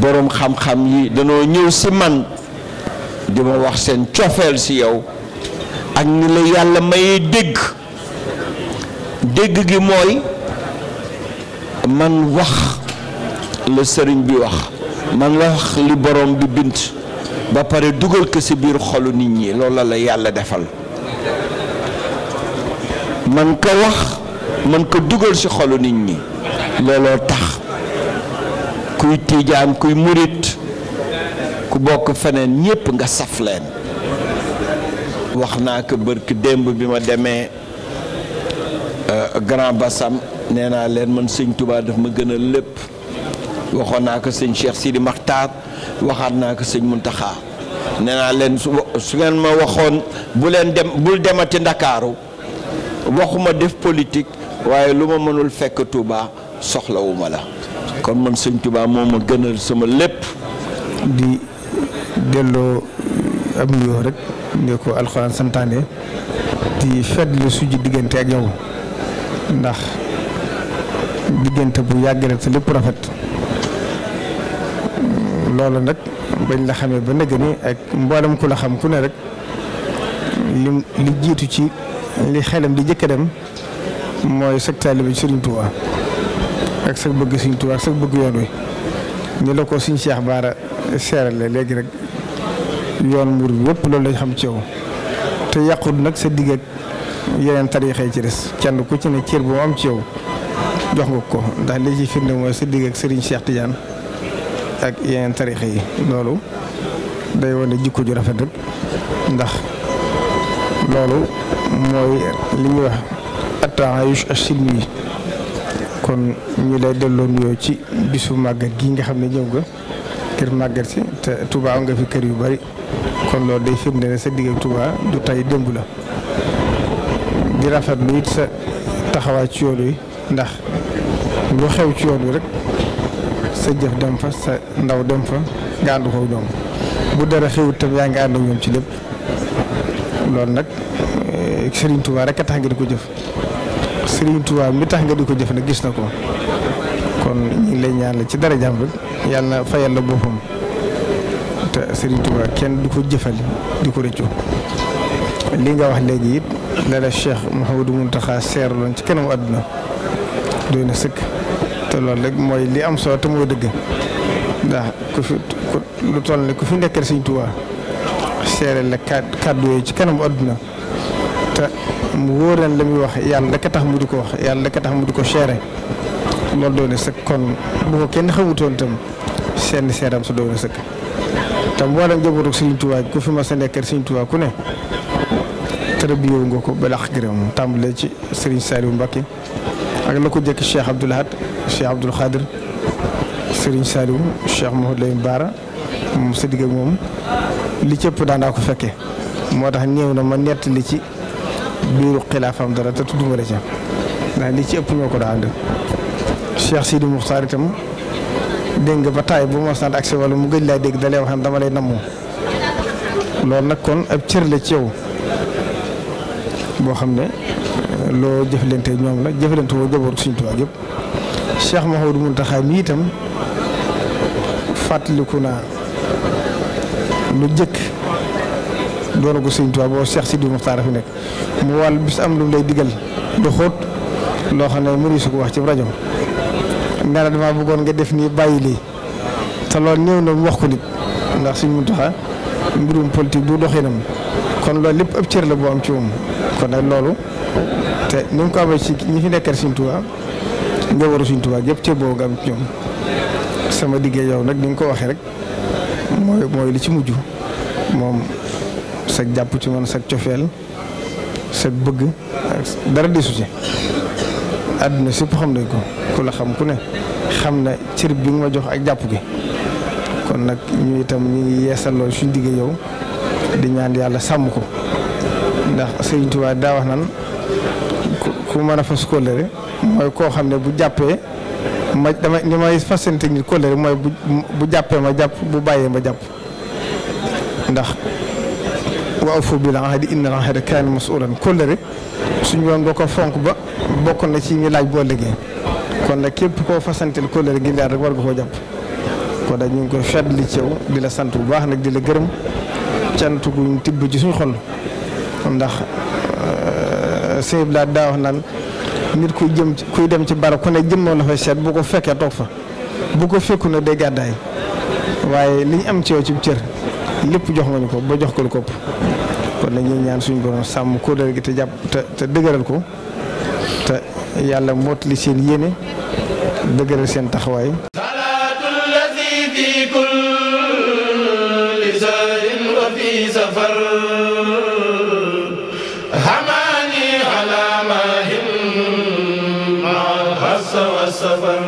boroom xam-xam yi danoo ñëw si man di ma wax seen cofeel si yow ak ni la yàlla may dégg dégg gi mooy man wax la sëriñ bi wax man wax li boroom bi bint ba pare dugal ko ci biir xolu nit ñi loolu la la yàlla defal man ko wax man ko dugal ci xolu nit ñi looloo tax kuy tiijaan kuy murit ku bokk feneen ñépp nga saf leen wax naa ko bërk démb bi ma demee euh, Grand Bassam nee naa leen man Sëñ Tuubaa daf ma gënal lépp waxoon naa ko sëñ Cheikh Sidi Maxtaar waxaat naa ko sëñ Muntaxa nee naa leen su su ngeen ma waxoon bu leen dem bul demati ndakaaru waxuma def politik waaye lu ma mënul fekk Touba soxlawuma la kon man sëñ Touba moo ma gënal sama lépp. di delloo am nuyoo rek ne ko alxuraan santaane di fedd la suji diggante ak yow ndax diggante bu yàgg rek te lépp rafet. loolu nag bañ la xamee ba nëgg ni ak mboolem ku la xam ku ne rek li li jiitu ci li xelam di jëkk dem mooy sag taalibe bi Sëriñ Tuubaa ak sag bëgg Sëriñ Tuubaa ak sag bëgg yoon wi ñu la ko suñ Cheikh Baara seerale léegi rek yoon mbur yëpp loolu lañ xam ci yow te yàqut nag sa digg ak yeneen tariixa yi ci des kenn ku ci ne cër bu mu am ci yow jox nga ko ndax li ci firnde mooy sa digg ak Sëriñ Cheikh Tidiane ak yeneen tarixa yi loolu day wane jikko ju rafet rek ndax loolu mooy li ñuy wax attaayush asilmi kon ñu lay delloo nuyoo ci bisu màggat gi nga xam ne ñëw nga ngir màggat si te tubaa nga fi kër yu bari kon loolu day firnde ne sa digg Touba du tay dëmb la di rafet it sa taxawaay ci yoon wi ndax lu xew ci yoon wi rek. sa jëf dem fa sa ndaw dem fa nga ànd ko ñoom bu dara xewut tam yaa ngi ànd ak ñoom ci lépp loolu nag eh, Serigne Touba rek a tax nga di ko jëf Serigne Touba mi tax nga di ko jëf nag gis na ko kon ñu ngi ci dara jàmm rek na fayal la boppam te Serigne Touba kenn du ko jëfal di ko rëccu li nga wax léegi it la la Cheikh Mouhamadou Mountakha seerloon ci kanamu àdduna doy na sëkk. te loolu rek mooy li am soo te mooy dëgg ndax ku fi ku lu toll ni ku fi nekkal Sëñ Tuubaa seere la kàddu yooyu ci kanamu àdduna te mu wóor leen muy wax yàlla rek a tax mu di ko wax yàlla rek a tax mu di ko seere loolu doon na sëkk kon bu ko kenn xamutoon itam seen seeram su doon na sëkk te mboolem njabootu Sëñ Tuubaa ku fi ma sa nekkal Sëñ Tuubaa ku ne tërëbiyoo nga ko ba làq gërëm ci Serigne Saliou Mbacké ak la ko jëkk Cheikh Abdoul Cheikh Abdoul Khadir Serigne Saliou Cheikh Mahmoud Lamine Bara moom sa digg moom li cëpp daan daa ko fekke moo tax néew na ma nett li ci biiru xilaafam dara te tudduma la ca ndax li ci ëpp ñoo ko daa ànd Cheikh Sidi Moukhtar itam dégg nga ba taay bu ma sant accès wala mu gëj laa dégg dalee wax dama lay namm loolu nag kon ab cër la ci yow boo xam ne loo jëflante ñoom la jëflante woo jaboot Sëriñ Tuubaa yëpp Cheikh Mouhamadou Mountakha mi itam fàttaliku naa lu jëkk doon ko Sëñ Tuubaa boo ma Sidi Muxtaar fi nekk mu wàll bis am lu lay digal du loo xam ne mënu si ko wax ci rajo nga ne dama bëggoon nga def nii bàyyi lii te loolu néew na mu wax ko nit ndax Sëñ Mountakha mbirum politique du doxinam kon loolu lépp ab cër la boo am ci moom kon nag loolu te ni mu ko amee ci ñi fi nekkal Sëñ Tuubaa njabootu suñ tubaab yëpp cër boobu nga am ñoom sama diggee yow nag ni nga ko waxee rek mooy mooy li ci mujj moom sa jàpp ci man sa cofeel sa bëgg dara desu ci àdduna sépp xam nañ ko ku la ku ne xam ne cër bi jox ak jàpp gi kon nag ñu itam ñu ngi yeesal suñ diggee yow di ñaan yàlla sàmm ko ndax sëriñ Tuubaa daa wax nan ku mën a fas kóllëre mooy koo xam ne bu jàppee ma dama ni may fasante nit kóllëre mooy bu jàppee ma jàpp bu bàyyee ma jàpp ndax wa awfu bil ahdi innal ahda kaana mas'uulan kóllëre suñu yoon boo ko fonk ba bokk na ci ñu laaj boo liggéey kon nag képp koo fasantil kóllëre gi leer rek war nga koo jàpp kon nag ñu ngi koy fedd li ceew di sant bu baax nag di la gërëm cant guñ tibb ci suñu xol ndax sëñ bi daa wax naan nit kuy jëm kuy dem ci barab ku ne jëmmoo la fa seet bu ko fekkee toog fa bu ko fekku na day gàddaay waaye liñ am ci yow ci cër lépp jox nga ñu ko ba jox ko lu ko ëpp kon nag ñaan suñu borom sàmm kóolal gi te jàpp te te dëgëral ko te yàlla mottali seen yéene dëgëral seen taxawaay. salaatu Mustafa